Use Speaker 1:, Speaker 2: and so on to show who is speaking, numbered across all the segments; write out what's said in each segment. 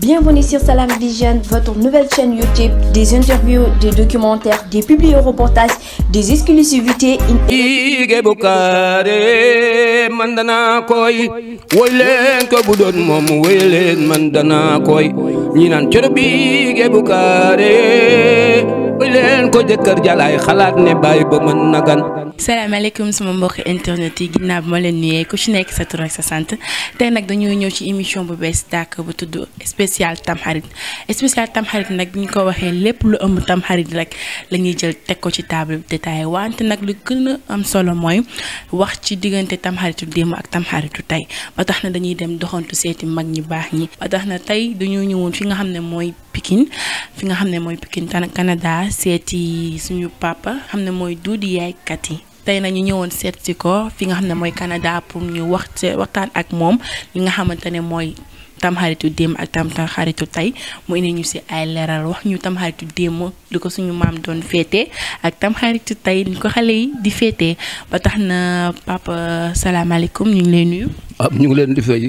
Speaker 1: Bienvenue sur Salam Vision, votre nouvelle chaîne YouTube, des interviews, des documentaires, des publi-reportages, des exclusivités.
Speaker 2: Jigéen bu kaare man danaa koy woy leen ko bu doon moom woy leen man danaa koy ñi naan cër bi jigéen bu kaare leen ko jëkkër jalaay xalaat ne bàyyi ba mën nagan
Speaker 1: salaamaaleykum sama mbokk internet yi ginnaaw bi ma leen nuyee ku ci nekk sa tur sa sant tey nag dañuy ñëw ci émission bu bees tàkk bu tudd spécial tamxarit spécial tamxarit nag bi ñu ko waxee lépp lu ëmb tamxarit rek la ñuy jël teg ko ci table détaillé wante nag lu gën am solo mooy wax ci diggante tamxaritu démb ak tamxaritu tey ba tax na dañuy dem doxantu seeti mag ñi baax ñi ba tax na tey dañoo ñëwoon fi nga xam ne mooy Pikine fi nga xam ne mooy Pikine Canada seeti suñu papa xam ne mooy Doudou Yaye Katy tey nañu ñëwoon seet si ko fi nga xam ne mooy Canada pour ñu wax waxtaan ak moom li nga xamante ne mooy tamxaritu démb ak tam xaritu tey mu indi ñu si ay leeral wax ñu tamxaritu démb li ko suñu maam doon féete ak tamxaritu tey ni ko xale yi di féete ba tax na papa salaamaaleykum ñu ngi lay nuyu.
Speaker 2: Ah, ñu ngi leen di fay.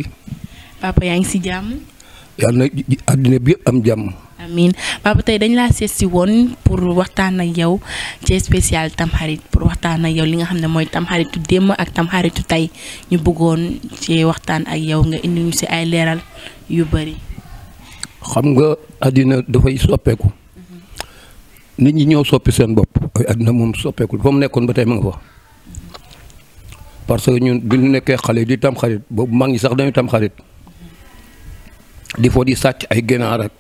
Speaker 1: papa yaa ngi si jàmm.
Speaker 2: yàlla na àddina bi yëpp am jàmm.
Speaker 1: amiin papa tey dañ laa seet si woon pour waxtaan ak yow ci spécial tamxarit pour waxtaan ak yow li nga xam ne mooy tamxaritu démb ak tamxaritu tey ñu bëggoon ci waxtaan ak yow nga indi ñu si ay leeral yu bari
Speaker 2: xam nga àddina dafay soppeeku. nit ñi ñoo soppi seen bopp. ay àddina moom soppeeku fa mu nekkoon ba tey mu ngi fa. parce que ñun bi ñu nekkee xale di tamxarit boobu mag ñi sax dañu tamxarit. di fo di sàcc ay ginaar ak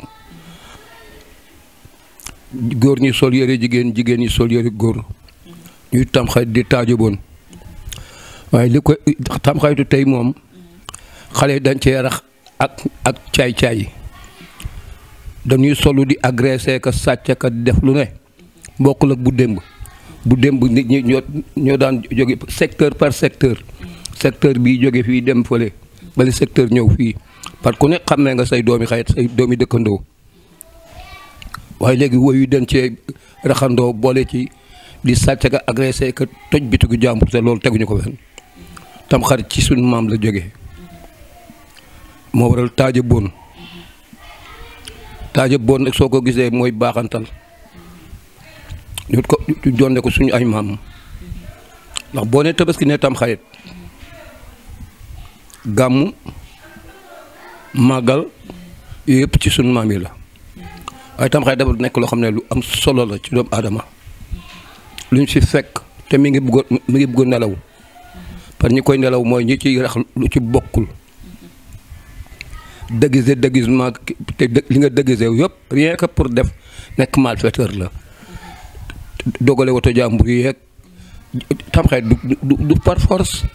Speaker 2: góor ñu sol yére jigéen jigéen ñi sol yëre góor ñuy tamxarit di taajuboon waaye li ko tamxaritu tey moom xale dañ cee rax ak ak caay-caay dañuy solu di agressé ka sàcc ka def lu ne bokkul ak bu démb bu démb nit ñi ñoo daan jóge secteur par secteur secteur bii jóge fii dem fële bale secteur ñëw fii parce que ku ne xam ne nga say doomi xayet say doomi dëkkandoo waaye léegi woy yu den cee raxandoo boole ci di sàcc ka agressé ka toj bitigu jàmbur te loolu teguñu ko fenn tam xarit ci suñ maam la jógee moo waral taaja boon taaja boon nag soo ko gisee mooy baaxantal ñu ko ko suñu ay maam ndax boo ne tabaski ne tam xarit gàmm màggal yooyu yëpp ci sunu maam yi la waaye tam xarit dafa nekk loo xam ne lu am solo la ci doomu aadama lu ñu si fekk te mi ngi bëggoon mi ngi bëggoon nelaw par ñi koy nelaw mooy ñu ci rax lu ci bokkul déguisé déguisement te li nga déguisé yëpp rien que pour def nekk malfaiteur la dogale woto jàmbur yi yeeg tam xarit du du par force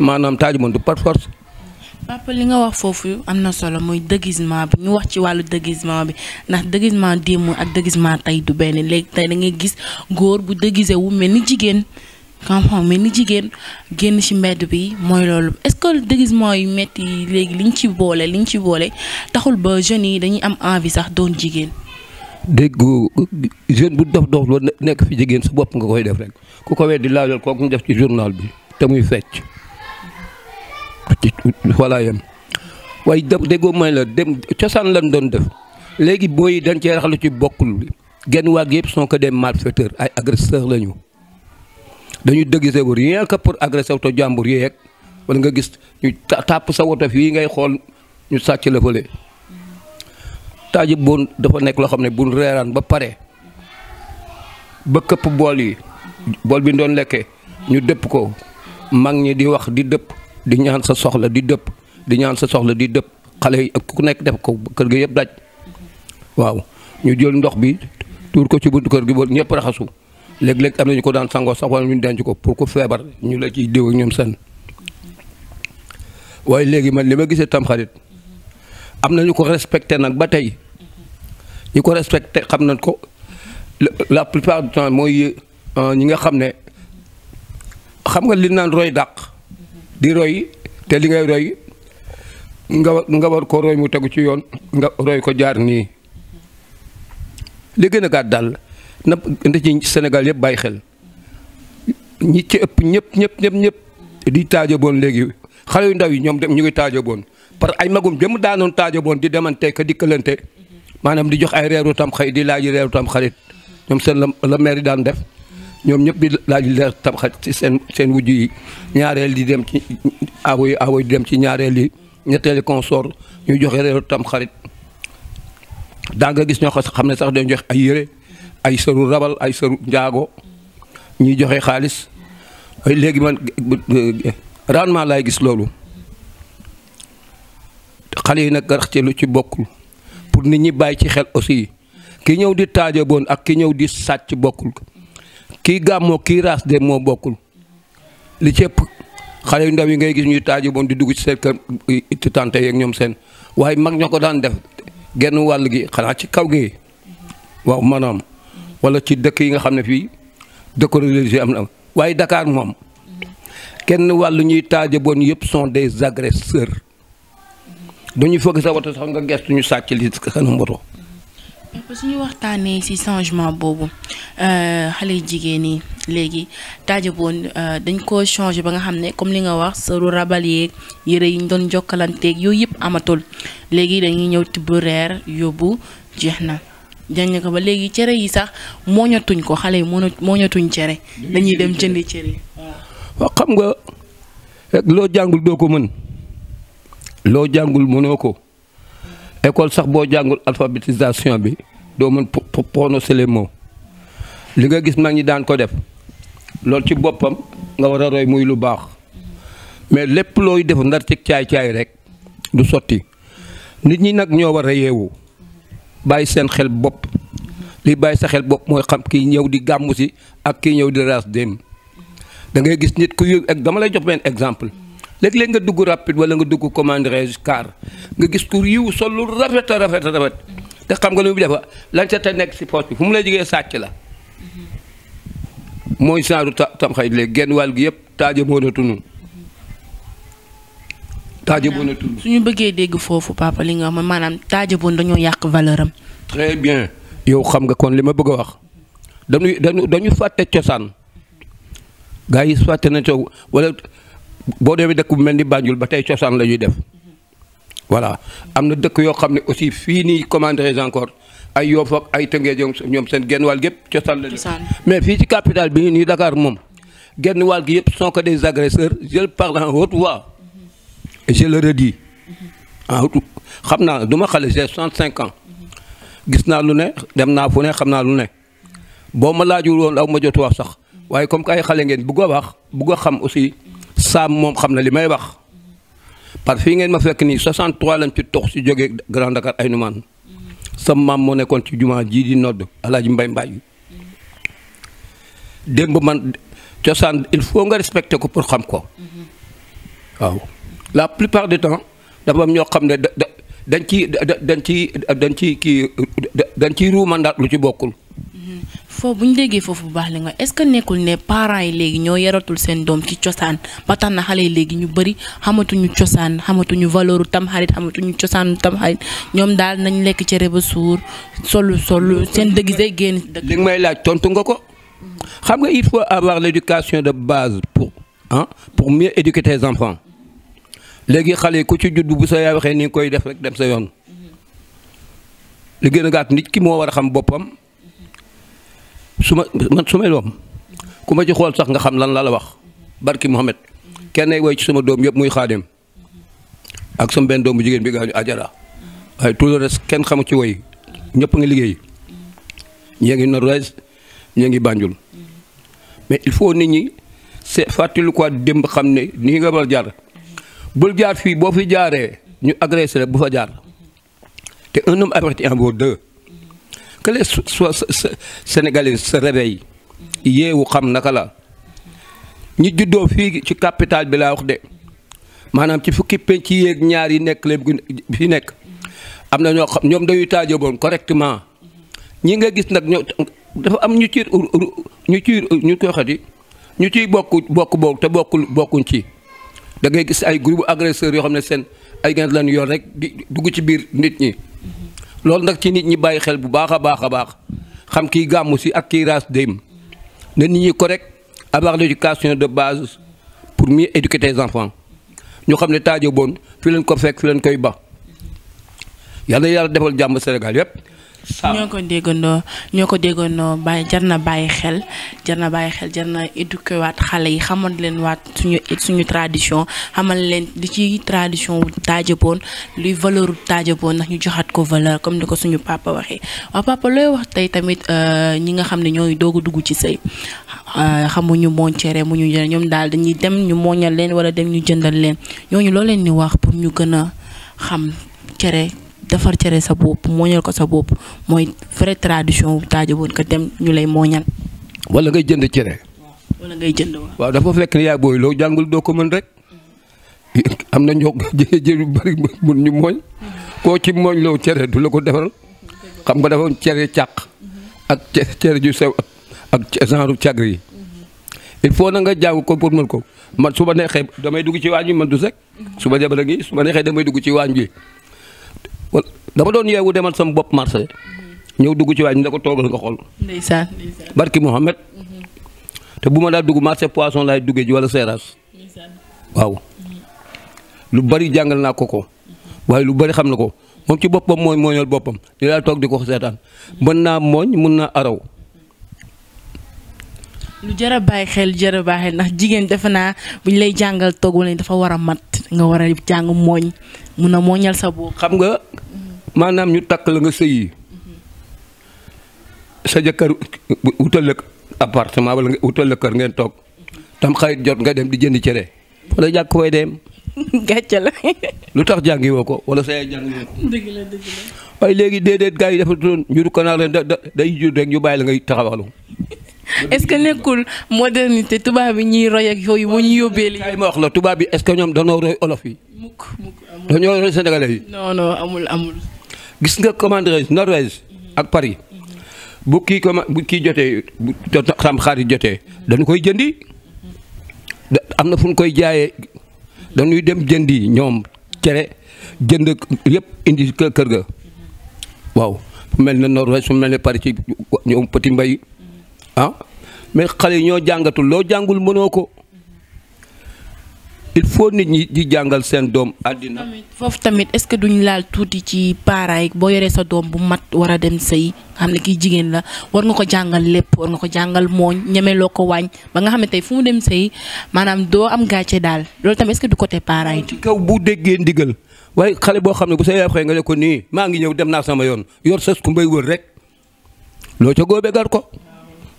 Speaker 2: maanaam taaj du par
Speaker 1: papa li nga wax foofu am na solo mooy déguisement bi ñu wax ci wàllu déguisement bi ndax déguisement démb ak déguisement tey du benn léegi tey da ngay gis góor bu déguisé wu mel ni jigéen xam mel ni jigéen génn ci mbedd bi mooy loolu est-ce que déguisement yu metti yi léegi liñ ci boole liñ ci boole taxul ba jeunes yi dañuy am envie sax doon jigéen.
Speaker 2: dégg jeune bu dof dof loo nekk fi jigéen su bopp nga koy def rek ku ko weddi laajal kooku ñu def ci journal bi te muy fecc. walaayam waaye déggoo may la dem cosaan lañ doon def léegi booy dañ cee raxalu ci bokkul genn waag yëpp sont que des malfaiteurs ay agresseurs la ñu dañu déguisé wu yi que pour agresser oto jàmbur yeeg wala nga gis ñu tàpp sa woto fii ngay xool ñu sàcc la fële taaji bon dafa nekk loo xam ne bun reeraan ba pare ba këpp bool yi bool bi doon lekkee ñu dëpp ko mag ñi di wax di dëpp di ñaan sa soxla di dëpp di ñaan sa soxla di dëpp xale yi ak ku nekk def ko kër gi yëpp daj waaw ñu jël ndox bi tuur ko ci buntu kër gi ba ñëpp raxasu léeg-léeg am nañu ko daan sangoo sax wala ñu ko pour ku feebar ñu la ciy diw ak seen waaye léegi man li ma gisee tamxarit am na ñu ko respecté nag ba tey ñu ko respecté xam nañ ko la plupart du temps mooy euh, ñi nga xam ne xam nga li naan roy dàq. di roy te li ngay roy nga nga war ko roy mu tegu ci yoon nga roy ko jaar nii li gën a gàtt daal na nda ci Sénégal yëpp bàyyi xel ñi ci ëpp ñëpp ñëpp ñëpp ñëpp di taajaboon léegi xale yu ndaw yi ñoom dem ñu ngi taajaboon parce que ay magum jëm daanoon taajaboon di demante ka dikkalante maanaam di jox ay reeru tam xarit di laaj reeru tam xarit ñoom seen la la maire daan def ñoom ñëpp di laaj leer tabaxat ci seen seen wujj yi ñaareel di dem ci awo yi awo yi di dem ci ñaareel yi ñetteeli consort ñuy joxe reeru tam xarit daa gis ñoo xam ne sax dañ joxe ay yére ay sëru rabal ay sëru njaago ñuy joxe xaalis léegi man rendement laay gis loolu xale yi nag rax ci lu ci bokkul pour nit ñi bàyyi ci xel aussi ki ñëw di taajaboon ak ki ñëw di sàcc bokkul kii gàmmoo kii raas de moo bokkul li cëpp xale yu ndaw yi ngay gis ñuy taajaboon di dugg ci seen kër ci tante yeeg ñoom seen waaye mag ñoo ko daan def genn wàll gi xanaa ci kaw gi waaw maanaam wala ci dëkk yi nga xam ne fii dëkk religieux am na waaye Dakar moom kenn wàllu ñuy taajaboon bon yëpp sont des agresseurs dañuy fëgg sa woto sax nga gestu ñu sàcc li kanam woto
Speaker 1: suñu waxtaanee ci changement boobu euh, xale jigéen yi léegi taajaboon euh, dañ ko changé ba nga xam ne comme li nga wax sëru rabal yeeg yëre yi ñu doon jokkalanteeg yooyu yëpp amatul léegi dañuy ñëw tibb reer yóbbu jeex na jàng ko ba léegi cere yi sax mooñatuñ ko xale yi mooñatuñ cere dañuy dem jëndi cere
Speaker 2: waaw xam nga loo jàngul doo ko mën loo jàngul mënoo ko école sax boo jàngul alphabétisation bi doo mën prononcer les mots li nga gis mag ñi daan ko def loolu ci boppam nga war a roy muy lu baax mais lépp looy def ndar ci caay-caay rek du sotti nit ñi nag ñoo war a yeewu bàyyi seen xel bopp li bàyyi sa xel bopp mooy xam kii ñëw di gàmmu si ak kii ñëw di raas dem da ngay gis nit ku ak dama lay jox benn exemple léeg-léeg nga dugg rapide wala nga dugg commandé car nga gis ku yiw sol lu rafet a rafet a rafet te xam nga lu mu defa lan ca te nekk si poche bi fu mu lay jógee sàcc la mooy genre ta tam xëy léegi genn wàll gi yëpp taaja moo na tunu taaja moo
Speaker 1: su ñu bëggee dégg foofu papa li nga wax maanaam taaja boon dañoo yàq valeur am.
Speaker 2: bien yow xam nga kon li ma bëgg a wax dañuy dañu dañu fàtte cosaan gaa fàtte na coow wala boo demee dëkk bu mel ni Banjul ba tey cosaan la ñuy def voilà am na dëkk yoo xam ne aussi fii nii commanderais encore ay Yoff ak ay Tëngéej ñoom seen genn wàll gépp cosaan la mais fii ci capitale bi nii Dakar moom genn wàll gi yëpp sont que des agresseurs je parle en haute voix et je le redis en xam naa du ma xale j'ai 65 ans gis naa lu ne dem naa fu ne xam naa lu ne boo ma laajul woon aw ma jot wax sax waaye comme que ay xale ngeen bëgg a wax xam aussi. saam moom xam na li may wax parce que fii ngeen ma fekk nii 63 lañ ci tox si jógee Grand Dakar ay numaan sama maam moo nekkoon ci jumaa jii di nodd alaaji mbay mbay démb man cosaan il faut nga respecter ko pour xam ko waaw la plupart du temps dafa am ñoo xam ne da dañ ci da ci da ci kii dañ ciy ruu mandat lu ci bokkul. Mm-hmm.
Speaker 1: foofu bu ñu déggee foofu bu baax li nga est-ce que nekkul ne parents yi léegi ñoo yaratul seen doom ci cosaan ba na xale yi léegi ñu bëri xamatuñu cosaan xamatuñu valeur tam xarit xamatuñu cosaanu tam xarit ñoom daal nañ lekk cere ba suur solu solu seen dëgg day génn. li nga may
Speaker 2: laaj tontu nga ko. xam nga il faut avoir l'éducation de base pour ah pour mieux éduquer tes enfants léegi xale yi ku ci juddu bu sa yaay waxee ni koy def rek dem sa yoon. li gën a gàtt nit ki moo war a xam boppam su ma man su may doom ku ma ci xool sax nga xam lan la la wax barki Mouhamed kenn ay woy ci sama doom yëpp muy xaadim ak sama benn doom bu jigéen bi gaañu ajara waaye tout le reste kenn xamu ci woy ñëpp nga liggéey ñee ngi Norvège ñee ngi Banjul mais il faut nit ñi c'est fàttali quoi démb xam ne nii nga war a jaar bul jaar fii boo fi jaaree ñu agressé rek bu fa jaar. te un homme averti en vaut deux. que les Sénégalais se réveillent yeewu xam naka la ñi juddoo fii ci capital bi laa wax de maanaam ci fukki penc yi ak ñaar yi nekk léegi fi nekk am na ñoo xam ñoom dañuy taajoo boon correctement ñi nga gis nag ñoo dafa am ñu ci ñu ci ñu koy ñu ciy bokk bokk boobu te bokkul bokkuñ ci da ngay gis ay groupe agresseurs yoo xam ne seen ay gant lañu yor rek di dugg ci biir nit ñi. loolu nag ci nit ñi bàyyi xel bu baax a baax a baax xam kiy gàmmu si ak kii raas dem na nit ñi ko rek avoir l'éducation de base pour mieux éduquer tes enfants ñu xam ne Taajo Bon fi leen ko fekk fi leen koy ba yàlla yàlla defal jàmm Sénégal yépp
Speaker 1: ñoo ko déggandoo ñoo ko déggandoo bàyyi jar na bàyyi xel jar na bàyyi xel jar na éduqué waat xale yi xamal leen waat suñu suñu tradition xamal leen li ci tradition wu taajaboon luy valeur wu taajaboon ndax ñu joxaat ko valeur comme ni ko suñu papa waxee waaw papa looy wax tey tamit euh, ñi nga xam ne ñooy doog a dugg ci sëy euh, xamuñu mooñ cere mu ñu jël ñoom daal dañuy dem ñu mooñal leen wala dem ñu jëndal leen ñooñu loo leen ni wax pour ñu gën a xam cere defar cere sa bopp mooñal ko sa bopp mooy vraie tradition bu taajaboon ka dem ñu lay mooñal.
Speaker 2: wala ngay jënd cere. wala ngay jënd waaw dafa fekk ne yaa booy loo jàngul doo ko mën rek. am na ñoo jë ñu mooñ koo ci mooñ loo cere du la ko defaral xam nga dafa cere càq ak cere ju sew ak genre cagri yi il foo na nga jàng ko pour mën ko man su ma neexee damay dugg ci waañ bi man du sek su ma jabar a ngi su ma neexee damay dugg ci waañ wi dama doon yeewu demal sama bopp marché ñëw dugg ci waañ ñu ne ko toogal nga xool.
Speaker 1: ndeysaan ndeysaan
Speaker 2: barki Mouhamed. te bu ma daal dugg marché poisson laay duggee ji wala seeraas. waaw lu bari jàngal naa ko ko waaye lu bari xam na ko moom ci boppam mooy mooñal boppam di daal toog di ko seetaan mën naa mooñ mën naa araw.
Speaker 1: lu jar a bàyyi xel jar a xel ndax jigéen defe naa bu ñu lay jàngal togg wala dafa war a mat. nga war a jàng mooñ mun a mooñal sa boo
Speaker 2: xam nga maanaam ñu takk la nga sëyi sa jëkkër wutal la appartement wala wutal la kër ngeen toog tam xayit jot nga dem di jënd cere la jàkk way dem.
Speaker 1: gàcce la.
Speaker 2: lu tax jàngi woo ko wala sa yaay jàngi woo ko. dëgg léegi déedéet gars yi dafa doon njuru ko naa leen da day jur rek ñu bàyyi la ngay taxawalu
Speaker 1: est-ce que nekkul te tubaab yi ñuy roy ak yooyu moo ñu yóbbee lii.
Speaker 2: kay ma wax la tubaab yi est-ce que ñoom dañoo roy olof yi. mukk mukk amul roy sénégalais yi. non amul amul. gis nga commande Norvège ak Paris bu kii commande bu kii jotee bu tam xarit jotee dañu koy jëndi am na fu ñu koy jaayee dañuy dem jëndi ñoom cere jënd yëpp indi kër ga waaw mel na Norvège su mel na Paris ci ñoom Petit Mbay. ah mais xale yi ñoo jàngatul loo jàngul mënoo ko il faut nit ñi di jàngal seen doom àddina
Speaker 1: foofu tamit est-ce que duñ laal tuuti ci parents boo yoree sa doom bu mat war a dem sëy xam ne kii jigéen la war nga ko jàngal lépp war nga ko jàngal mooñ ñemeloo ko wàññ ba nga xam ne tey fu mu dem sëy maanaam doo am gàcce daal loolu tamit que du côté parents yi. ci
Speaker 2: kaw bu déggee ndigal waaye xale boo xam ne bu sa nga ne ko maa ngi ñëw dem naa sama yoon yor sa ku mbay wër rek loo ca góobee gar ko.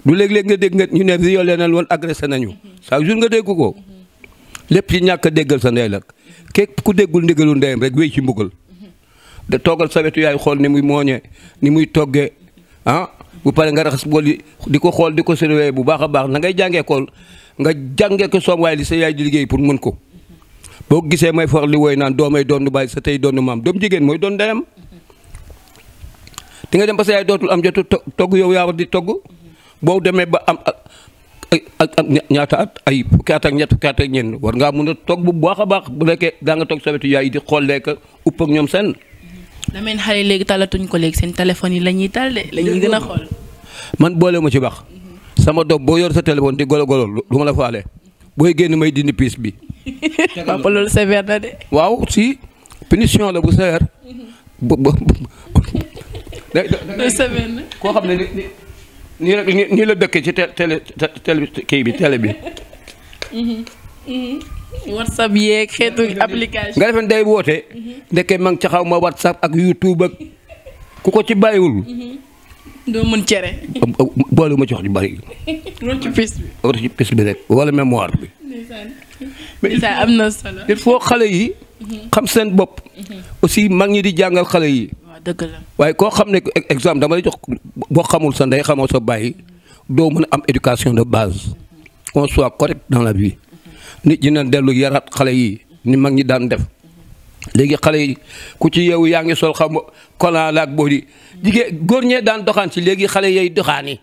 Speaker 2: lu léeg-léeg nga dégg nga ñu ne violé na woon agressé nañu chaque jour nga dégg ko lépp ci ñàkk déggal sa ndey la képp ku déggul ndigalu ndeyam rek wéy ci mbugal da toogal sa wetu yaay xool ni muy mooñe ni muy toggee ah bu pare nga raxas bool di ko xool di ko surveiller bu baax a baax na ngay jàngee kool nga jàngee ko soom waaye li sa yaay di liggéey pour mën ko boo gisee may for li woy naan doomay doon bàyyi sa tey doon maam doom jigéen mooy doon ndeyam. di nga dem ba sa yaay dootul am jotu togg yow yaa di togg. boo demee ba am ak ak ñaata at ay fukki at ak ñett fukki at ak war ngaa mën a toog bu baax a baax bu nekkee daa nga toog sa wetu yaay di xollee ka upp ak ñoom seen.
Speaker 1: damay xale léegi talatuñ ko léegi seen téléphone yi la ñuy tal de la ñuy gën a xool.
Speaker 2: man boole ma ci baax. sama doom boo yor sa téléphone di golo golo lu ma la faale. booy génn may dindi piis bi. papa loolu sévère na de. waaw si punition la bu sévère. bu bu bu. koo xam ne nii rek nii la dëkkee ci télé télé kii bi télé bi.
Speaker 1: Mm-hmm. whatsapp yeeg xeetu application. nga
Speaker 2: defoon day woote. Mm-hmm. ndekkee ma ca xaw ma whatsapp ak youtube ak ku ko ci bàyyiwul. Mm-hmm.
Speaker 1: doo mën cere.
Speaker 2: boole ma ci wax ju bari. loolu ci bi. loolu ci rek wala mémoire bi.
Speaker 1: mais am na solo. il faut xale yi. xam
Speaker 2: seen bopp. aussi mag ñi di jàngal xale yi. dëgg la waaye koo xam ne exemple dama lay jox boo xamul sa ndey xamoo sa bàyyi doo mën a am éducation de base qu'on soit correct dans la vie nit ñi nañ dellu yaraat xale yi ni mag ñi daan def léegi xale yi ku ci yow yaa ngi sol xam kola laak boo di jigéen góor ñee daan doxaan si léegi xale yay doxaani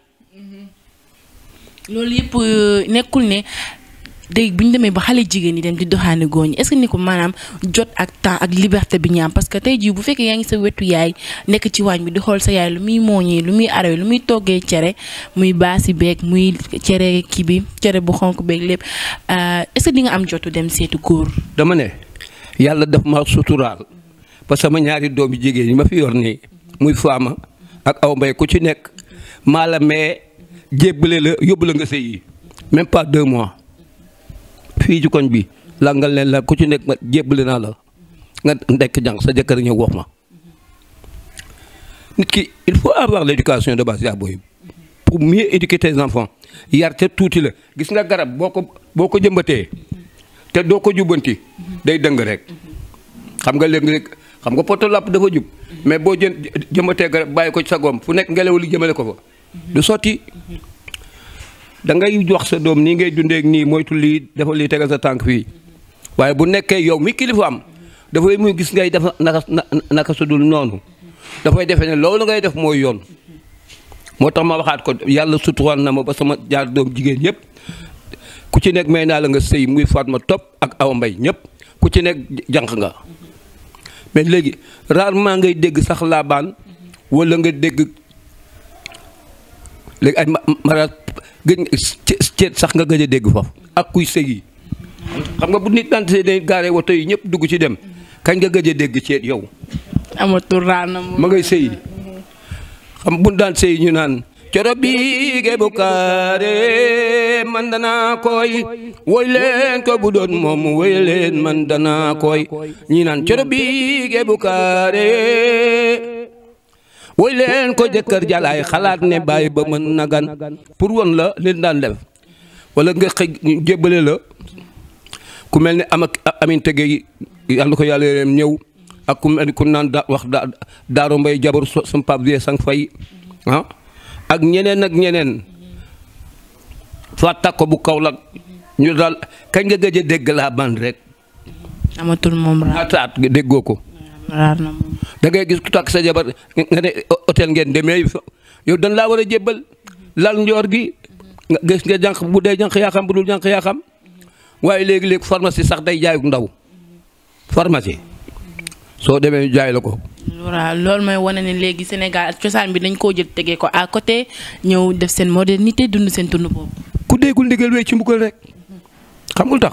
Speaker 1: loolu yëpp euh, nekkul ne day bu ñu demee ba xale jigéen ñi dem di doxaani góor ñi est ni ko maanaam jot ak temps ak liberté bi ñu am parce que tey jii bu fekkee yaa ngi sa wetu yaay nekk ci waañ bi di xool sa yaay lu muy mooñee lu muy arawee lu muy toggee cere muy baasi beeg muy cere kii bi cere bu xonk beeg lépp euh, est-ce que nga am jotu dem seetu góor.
Speaker 2: dama ne yàlla daf ma suturaal parce que sama ñaari doomi jigéen ñi ma fi yor nii muy faama ak aw mbay ku ci nekk maa la mais jébbale la yóbbu la nga sëy même pas deux mois. fii ci koñ bi la nga leen la ku ci nekk ma jébbali naa la nga ndekk jàng sa jëkkër ñëw wox ma nit ki il faut avoir l'éducation de base yaa booy pour mieux éduquer tes enfants yar te tuuti la gis nga garab boo ko boo ko jëmbatee te doo ko jubbanti day dëng rek xam nga léegi rek xam nga poto làpp dafa jub mais boo jën jëmbatee garab bàyyi ko ci sa gom fu nekk ngelaw li jëmale ko fa du sotti da ngay jox sa doom nii ngay dundeek nii moytu lii dafa lii tegal sa tànk fii waaye bu nekkee yow mi kilifa am dafay muy gis ngay def naka naka sudul noonu dafay defe ne loolu ngay def mooy yoon moo tax ma waxaat ko yàlla suturaan na ma ba sama jaar doom jigéen yëpp ku ci nekk may naa la nga sëy muy ma Top ak aw mbay ñëpp ku ci nekk jànq nga mais léegi maa ngay dégg sax laabaan wala nga dégg léegi ay mariage gëj sax nga gëj a dégg foofu ak kuy sëy xam nga bu nit daan sëy dañuy gaare woto yi ñëpp dugg ci dem kañ nga gëj a dégg ceet yow. amatul ma ngay sëy xam bu daan sëy ñu naan. coro biige bu kaare man danaa koy woy ko bu doon moom woy leen man danaa koy ñi naan coro biige bu kaare woy leen ko jëkkër jalaay xalaat ne bàyyi ba mën na gan pour won la leen daan def wala nga xëy jébbale la ku mel ni am ak aminte gi yàlla ko yàlla yéreem ñëw ak ku mel ni ku naan da wax da daaro mbay jabar sum pap vie sang fay ah. ak ñeneen ak ñeneen fàtta ko bu kaw la ñu daal kañ ga gëj a dégg laa ban rek amatul moom raat déggoo ko raar na da ngay gis ku takk sa jabar nga ne hôtel ngeen demee yow dañ laa war a jébbal lal njoor gi nga gis nga jànq bu dee jànq yaa xam bu dul jànq yaa xam waaye léegi-léegi pharmacie sax day jaay ndaw soo demee jaay la ko.
Speaker 1: voilà loolu mooy wane léegi Sénégal cosaan bi dañ koo jël tegee ko à côté ñëw def seen modernité dund seen
Speaker 2: tund boobu. ku déggul ndigal wéy ci mbugal rek xamul tax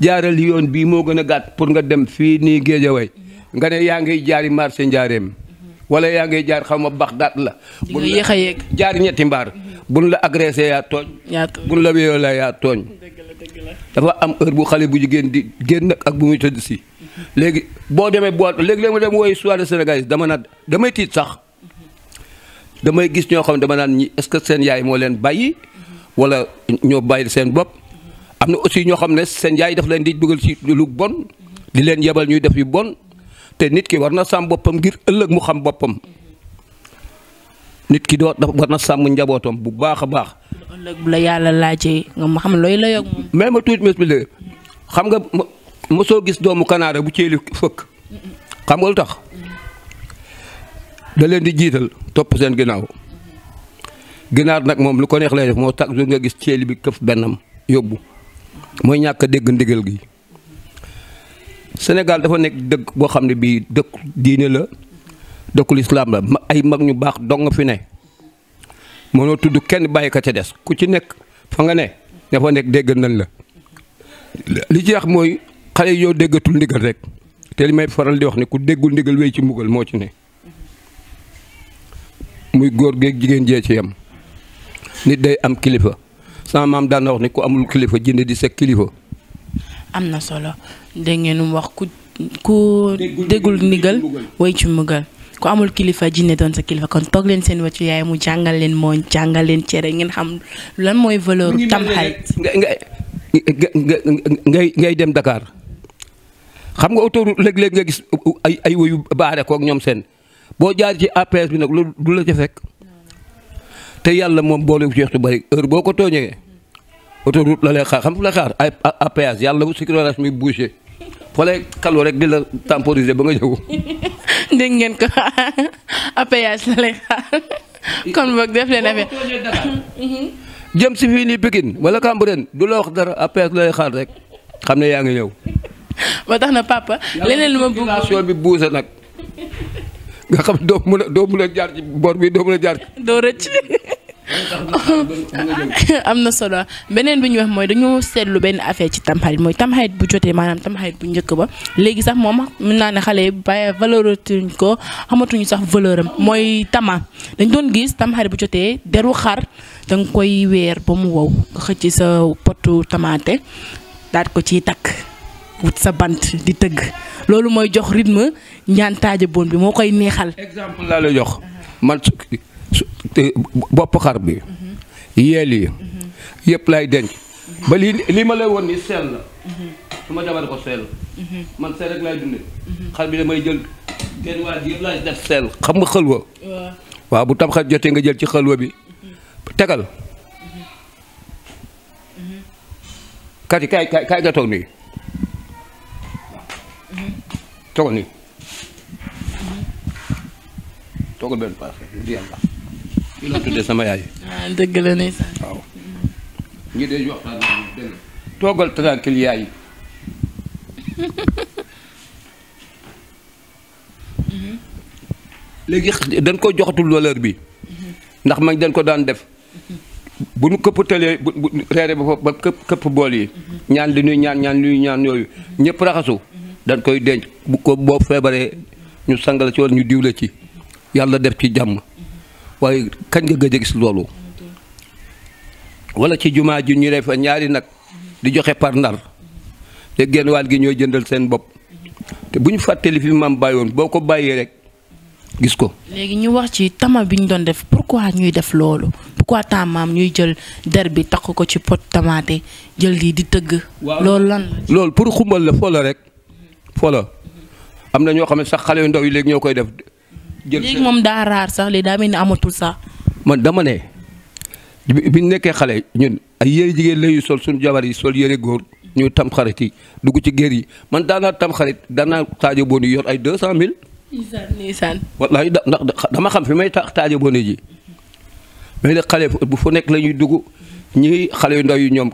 Speaker 2: jaaral yoon bii moo gën a gàtt pour nga dem fii nii Géejawaay nga ne yaa ngay jaari marché njaareem wala yaa ngay jaar xaw ma bax daat la. bu ñu yéex ñetti mbaar. buñ la agressé yaa tooñ. yaa tooñ la wéyoo yaa tooñ. dafa am heure bu xale bu jigéen di génn ak bu muy tëdd si. léegi boo demee boite léegi-léegi ma dem woy sénégal sénégalais dama naan damay tiit sax damay gis ñoo xam ne dama naan ñi est-ce que seen yaay moo leen bàyyi. wala ñoo bàyyi seen bopp. am na aussi ñoo xam ne seen yaay daf leen di dugal ci lu bon. di leen yebal ñuy def yi bon. te nit ki war na sàmm boppam ngir ëllëg mu xam boppam nit ki doo war na sàmm njabootam bu baax a baax.
Speaker 1: ëllëg la yàlla laajee nga xam looy la yokk.
Speaker 2: mais ma tuuti mes xam nga mosoo gis doomu kanaara bu ceeli fëkk xam nga lu tax da leen di jiital topp seen ginnaaw ginaar nag moom lu ko neex lay def moo tax nga gis ceeli bi këf bennam yóbbu mooy ñàkk a dégg ndigal gi. Sénégal dafa nekk dëgg boo xam ne bii dëkku diine la dëkkul islam la ay mag ñu baax dong fi ne mënoo tudd kenn bàyyi ka ca des ku ci nekk fa nga ne dafa nekk dégg nañ la li ci wax mooy xale yoo déggatul ndigal rek te li may faral di wax ne ku déggul ndigal wéy ci mbugal moo ci ne muy góor geeg jigéen jee ci yam nit day am kilifa sama maam daan na wax ne ku amul kilifa jënd di sa kilifa.
Speaker 1: am na solo. dégg ngeen wax ku ku déggul ndigal way ci mugal ku amul kilifa jinne doon sa kilifa kon toog leen seen wàccu yaay mu jàngal leen moo jàngal leen cere ngeen xam lan mooy valeur tamxarit
Speaker 2: ngay ngay dem Dakar xam nga oto léeg-léeg nga gis ay ay wayu baare kook ñoom seen boo jaar ci APS bi nag loolu du la ca fekk te yàlla moom boole bu jeex bari heure boo ko tooñee autoroute la lay xaar xam fu la xaar ay APS yàlla bu mi bouché wala kalu rek di la temporiser ba nga ñëw.
Speaker 1: dégg ngeen ko apayage la lay xaar kon boog def leen affaire. Mhm.
Speaker 2: jëm si fii nii Pikine wala Cambérène du la wax dara apayage lay xaar rek xam ne yaa ngi ñëw. ba tax na papa. leneen lu ma bëgg situation bi buuse nag nga xam doo mun a doo mun a jaar ci bor bi doo mun a jaar. doo rëcc.
Speaker 1: am na solo beneen bi ñu wax mooy dañoo seetlu benn affaire ci tamxarit mooy tamxarit bu jotee maanaam tamxarit bu njëkk ba léegi sax moom mun naa ne xale yi bàyyi valoratuñ ko xamatuñu sax valeuram mooy tama dañ doon gis tamxarit bu jotee deru xar danga koy weer ba mu wow nga xëcc sa potu tamaate daat ko ciy takk wut sa bant di tëgg loolu mooy jox rythme ñaan taaja boon bi moo koy neexal
Speaker 2: bopp xar bi yeel yi yëpp lay denc ba lii lii ma lay won ni seel la su ma jabar ko seel man seel rek lay dunde xar bi damay jël genn waay yëpp lay def seel xam nga xëlwa waaw bu tamxarit jotee nga jël ci xëlwa bi tegal kati kaay kaay kaay nga toog nii ki sama yaay.
Speaker 1: ah dëgg la ne sax.
Speaker 2: waaw ñi de dañ ko joxatul valeur bi. ndax mag dañ ko daan def. bu nu këpp tëlee bu bu reere ba ba këpp këpp bool yi. ñaan li ñuy ñaan ñaan li ñuy ñaan yooyu ñëpp raxasu. dañ koy denc boo feebaree ñu sangal ci wala ñu diwle ci yàlla def ci jàmm. waaye kañ nga gëj a gis loolu wala ci jumaa ji ñu def fa ñaari nag di joxe par ndar te genn wàll gi ñooy jëndal seen bopp te bu ñu fàttali fi maam bàyyoon boo ko bàyyee rek gis ko.
Speaker 1: léegi ñu wax ci tama bi ñu doon def pourquoi ñuy def loolu pourquoi tamaam ñuy jël der bi takk ko ci pot tamaate jël lii di tëgg. loolu lan
Speaker 2: loolu pour xumbal la fo rek fo am na ñoo xam ne sax xale yu ndaw yi léegi ñoo koy def jël léegi
Speaker 1: moom daa raar sax léegi daa mel ni amatul sax.
Speaker 2: man dama ne bi nekkee xale ñun ay yére jigéen la yu sol suñu jabar yi sol yére góor ñu tam xarit yi dugg ci géer yi man daanaa tam xarit daanaa taajo booni yor ay deux cent mille.
Speaker 1: ndeysaan
Speaker 2: wallaahi da ndax dama xam fi may tax taajo booni ji mais nag xale bu fa nekk la ñuy dugg ñi xale yu ndaw yi ñoom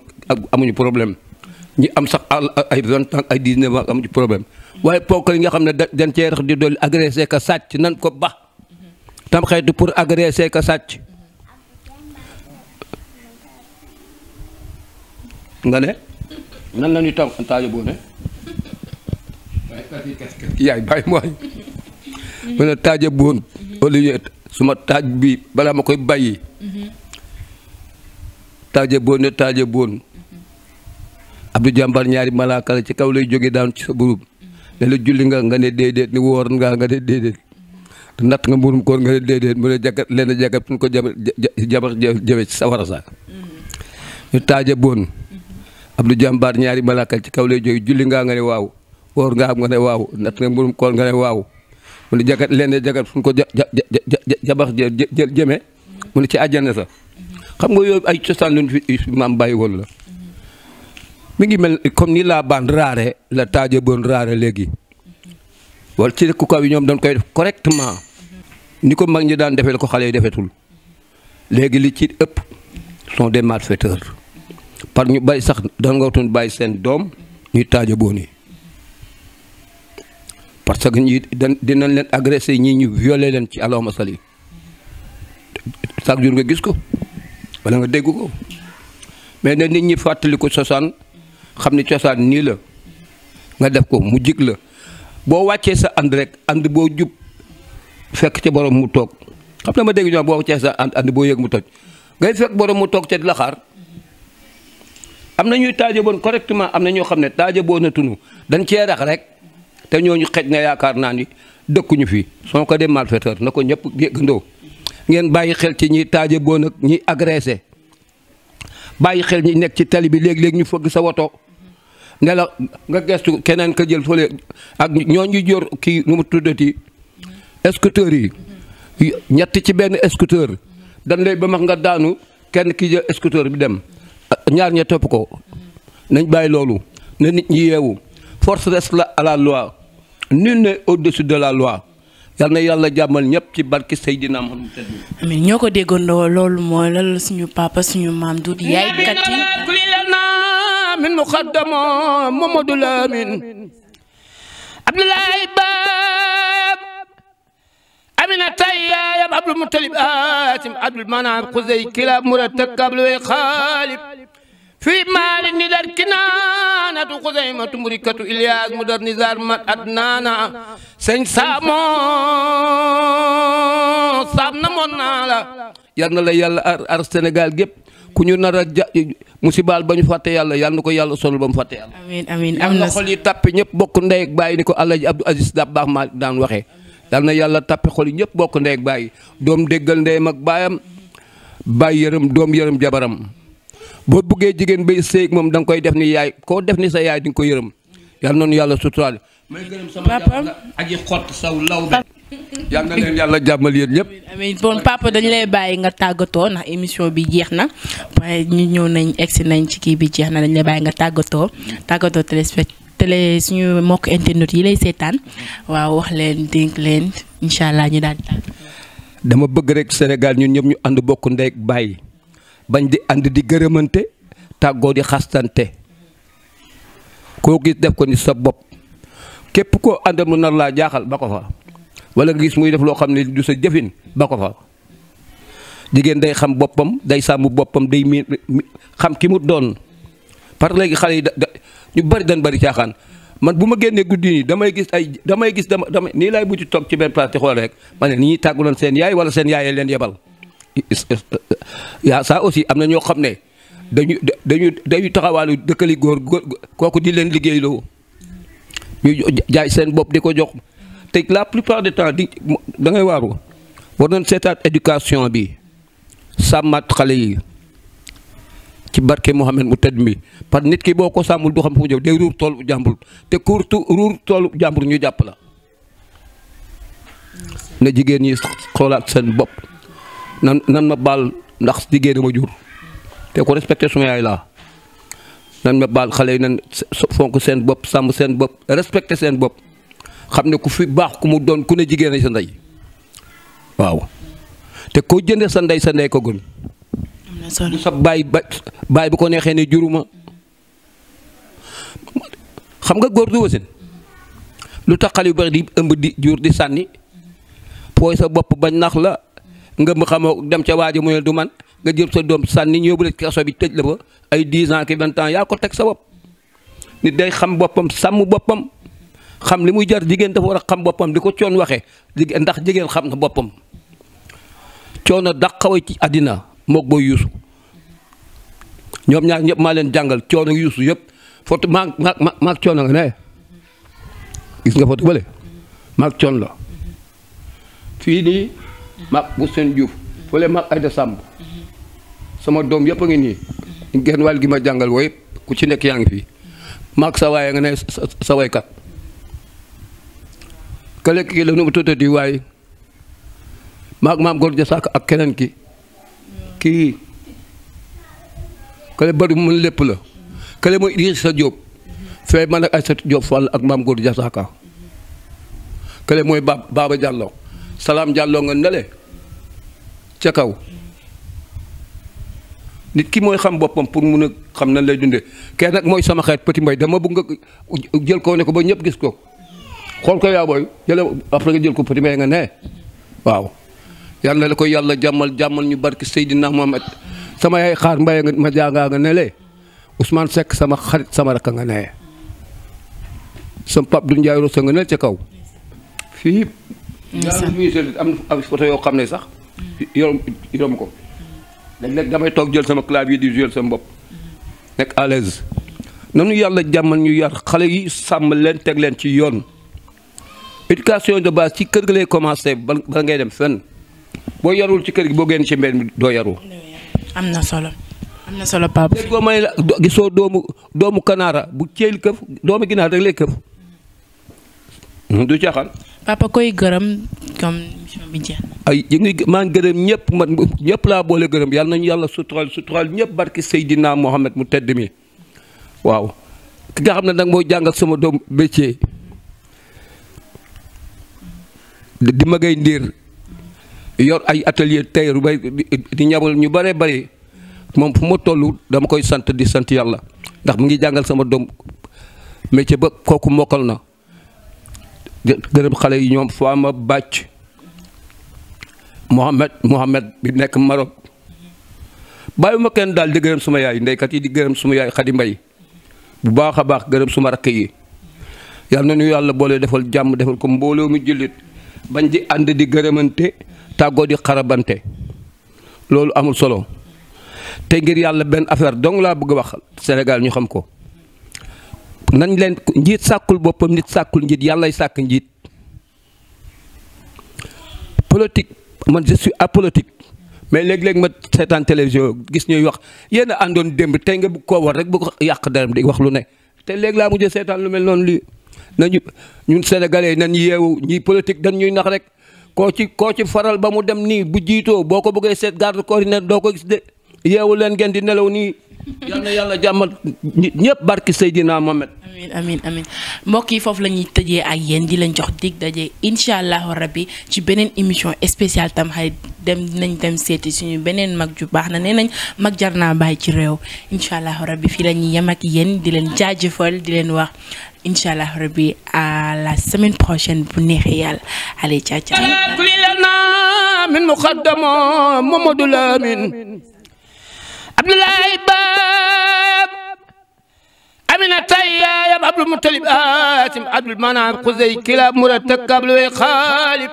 Speaker 2: amuñu problème ñi am sax ay vingt ans ay dix-neuf ans amuñu problème. waaye ponk yi nga xam ne dañ cee rax di dolli agressé ka sàcc nan ko ba tam xeetu pour agressé ka sàcc nga ne nan la ñuy tam taajo boo ne yaay bàyyi mooy mu ne taaja boon au suma taaj bi balaa ma koy bàyyi taaja boon ne taaja boon Abdou Jàmbar ñaari malaaka la ci kaw lay jóge daan ci sa burub ne la julli nga nga ne déedéet ni woor ngaa nga ne déedéet natt nga mburum koor nga ne déedéet mu ne jagat leen jagat fu ñu ko jabar jabar jawe ci sawara sa ñu taaja boon mm-hmm. Abdou jàmbaar ñaari malaaka ci kaw lay jóge julli ngaa nga ne waaw woor ngaa nga ne waaw natt nga mburum koor nga ne waaw mu ne jagat leen jagat fu ñu ko jabar jëme mu ne ci àjjana sa mm-hmm. xam nga yooyu ay cosaan luñ fi maam bàyyi woon la mi ngi mel comme ni la bande rare la taaje bon rare léegi wala ci kukaw yi ñoom dañ koy def correctement ni ko mag ñi daan defee la ko xale yi defetul léegi li ci ëpp sont de malfaiteurs par ñu bàyyi sax da nga bàyyi seen doom ñuy taaje bon yi parce que ñi dañ dinañ leen agressé ñii ñu violé leen ci allahumma sali chaque jour nga gis ko wala nga dégg ko mais ne nit ñi fàttali sosaan xam ne cosaan nii la nga def ko mu jig la boo wàccee sa ànd rek ànd boo jub fekk ci boroom mu toog xam na ma dégg ñoom boo wàccee sa ànd ànd boo yëg mu toj ngay fekk borom mu toog ca di la xar am na ñuy taajaboon correctement am na ñoo xam ne taajaboo na tunu dañ cee rek te ñoo ñu xej na yaakaar naa ni dëkkuñu fi soo ko dem malfaiteur na ko ñëpp yëggandoo ngeen bàyyi xel ci ñi taajaboo nag ñi agressé bàyyi xel ñi nekk ci tali bi léeg-léeg ñu fëgg sa woto ne nga gestu keneen ka jël fële ak ñoo ñu jor kii nu mu tuddati scooters yi ñett ci benn scooter dañ lay ba mag nga daanu kenn ki jël bi dem ñaar ña topp ko nañ bàyyi loolu na nit ñi yeewu force reste la à la loi nul n'est au-dessus de la loi yal na yàlla jàmmal ñëpp ci barki Seydina Muhammad
Speaker 1: ñoo ko déggandoo loolu mooy lal suñu papa suñu maam Doudou yaay kat yi Lamin muqaddamo Mamadou Lamin
Speaker 2: Abdoulaye Baab Amina Tayyab Abdul Muttalib Asim Abdul Manab Xuzay Kilab Muratak Abluway Xaalib fii maali ni dar kinaanatu xusaymatu murikatu Ilyaas mu dar nizar mat adnaana sëñ saamo saam na moon naa la yar na la yàlla ar ar Sénégal gépp ku ñu nar a ja musibaal ba ñu fàtte yàlla yal na ko yàlla sol ba mu fàtte yàlla.
Speaker 1: amiin amiin am na xol yi
Speaker 2: tàppe ñëpp bokk ndey ak bàyyi ni ko El Hadj Abdou Aziz Dabakh maa daan waxee. yal na yàlla tàppe xol yi ñëpp bokk ndey ak bàyyi doom déggal ndeyam ak baayam bàyyi yërëm doom yërëm jabaram. boo bëggee jigéen bay séy moom da nga koy def ni yaay koo def ni sa yaay di nga ko yërëm yal noonu yàlla suturaale. may gërëm sama aji xott saw law yal na yàlla jàmmal yéen ñëpp.
Speaker 1: amiin bon papa dañu lay bàyyi nga tàggatoo ndax émission bi jeex na waaye ñu ñëw nañ egsi nañ ci kii bi jeex na dañu lay bàyyi nga tàggatoo tàggatoo téléspect tele suñu mbokk internet yi lay seetaan waaw wax leen dénk leen incha allah ñu daal
Speaker 2: dama bëgg rek Sénégal ñu ñëpp ñu ànd bokk ndey bàyyi bañ di ànd di gërëmante tàggoo di xastante koo gis def ko ni sa bopp képp koo àndal mu nar laa jaaxal ba ko fa. wala nga gis muy def loo xam ne du sa jëfin ba ko fa jigéen day xam boppam day sàmm boppam day mi xam ki mu doon par léegi xale yi da ñu bari dañ bari caaxaan man bu ma génnee guddi nii damay gis ay damay gis dama damay nii laay bu ci toog ci benn place di xool rek ma ne ni ñuy tàgguloon seen yaay wala seen yaayee leen yebal yaa ça aussi am na ñoo xam ne dañu dañu dañu taxawaalu dëkkali góor kooku di leen liggéeyloo ñu jaay seen bopp di ko jox te la plupart du temps di da ngay waaru war nañ seetaat éducation bi sàmmaat xale yi ci barke Mouhamed mu tëdd mi parce que nit ki boo ko sàmmul du xam fu mu jëm day ruur toolu jàmbur te kurtu ruur toolu jàmbur ñu jàpp la na jigéen ñi seen bopp nan ma baal ndax jigéen ma jur te ko respecté suma yaay laa nan ma baal xale yi nan fonk seen bopp sàmm seen bopp respecté seen bopp xam ne ku fi baax ku mu doon ku ne jigéen a sa ndey waaw te koo jënde sa ndey sa ndey ko gën bu sa baay baay bu ko neexee ne juruma xam nga góor du wasin lu tax xale yu bari di ëmb di jur di sànni pooy sa bopp bañ nax la nga xamoo dem ca waajo mu ne du man nga jël sa doom sànni ñu yóbbu la ci bi tëj la ba ay 10 ans ki 20 ans yaa ko teg sa bopp nit day xam boppam sàmm boppam xam li muy jar jigéen dafa war a xam boppam di ko coon waxee ndax jigéen xam na boppam coono dàqawee ci àddina moog booy yuusu ñoom ñaar ñëpp maa leen jàngal coono yuusu yëpp foto maag maag maag coono nga ne gis nga foto bële maag coon la fii nii maag bu seen juuf fële maag ay de sàmb sama doom yëpp a ngi nii genn wàll gi ma jàngal wooy ku ci nekk yaa ngi fii maag sa waaye nga ne sa waykat kële kii la nu mu tuddati waaye maag ak keneen ki kii kële bëri mu mën lépp la kële mooy Idrissa Diop fee man ak maam góor jasaaka kële mooy ba Baba Diallo Salaam Diallo nga nele ca kaw nit ki mooy xam boppam pour mun a xam nan lay dundee kenn mooy sama xeet petit mbay dama bëgg nga jël ko ne ko ba ñëpp gis ko xool ko yaa booy après nga jël ko premier nga ne waaw yal na la koy yàlla jàmmal jàmmal ñu barki Seydina Mohamed sama yaay xaar mbaye nga ma jàngaa nga ne le Ousmane Seck sama xarit sama rakk nga ne sam pap du Ndiaye Rosa nga ne ca kaw am yoo xam ne sax yorom yorom damay toog jël sama clavier di jël sama bopp nekk à nanu yàlla jàmmal ñu yar xale yi sàmm leen teg leen ci yoon éducation de base ci kër gi lay commencé bala ngay dem fenn boo yarul ci kër gi boo génn ci mbedd doo yaru am na solo am na solo gisoo doomu doomu kanaara bu ceeb këf doomu ginaar rek lay këf hmm, du caaxaan.
Speaker 1: gërëm comme
Speaker 2: émission gërëm ñëpp man ñëpp laa boole gërëm yàlla nañu yàlla suturaal suturaal ñëpp barki Seydina Mohamed mu tedd mi waaw xam ne nag moo jàngal suma doom métier. di magay ndiir yor ay atelier tailleur bay di ñabal ñu bëree bëri moom fu ma tollu dama koy sant di sant yàlla ndax mu ngi jàngal sama doom métier ba kooku mokkal na gërëm xale yi ñoom Fama Bàcc Mohamed Mohamed bi nekk Maroc bàyyiwuma kenn daal di gërëm suma yaay ndeykat yi di gërëm suma yaay Xadi Mbay bu baax a baax gërëm suma rakk yi yàlla na nu yàlla boole defal jàmm defal ko mbooloo mu jullit bañ di ànd di gërëmante tàggoo di xarabante loolu amul solo te ngir yàlla benn affaire dong laa bëgg wax Sénégal ñu xam ko nañ leen njiit sàkkul boppam nit sàkkul njiit yàllay sàkk njiit politique man je suis apolitique mais léeg-léeg ma seetaan télévision gis ñuy wax yéen a àndoon démb tey nga bëgg koo war rek bu ko yàq daram di wax lu ne te léegi laa mujj seetaan lu mel noonu lii nañu ñun sénégalais nañ yeewu ñi politique dañ ñuy nax rek koo ci koo ci faral ba mu dem nii bu jiitoo boo ko bëggee seet garde corps yi doo ko gis de yeewu leen gen di nelaw nii yal na yàlla jàmmal ñëpp barki Seydina Mohamed amin amin amin
Speaker 1: mbokk yi foofu la ñuy tëjee ak yéen di leen jox dig dajee incha allahu rabbi ci beneen émission spéciale tam xarit dem nañ dem seeti suñu beneen mag ju baax na nee nañ mag jar naa bàyyi ci réew incha allahu rabbi fii la ñuy yem di leen jaajëfal di leen wax incha allah rabbi à la semaine prochaine bu neexee yàlla allez ciao ciao li
Speaker 2: lana min muqaddamo Mamadou Lamine Abdoulaye Bab Amina Tayyab Abdul Mutalib Asim Abdul Manab Xuzay Kilab Murad Takab Luy Xaalib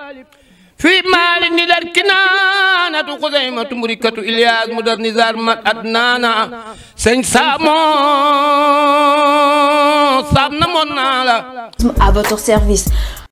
Speaker 2: في مال ندر كنانة خزيمة مريكة إلياس مدر نزار مد أدنانا سن سامو سامنا منالا À votre service.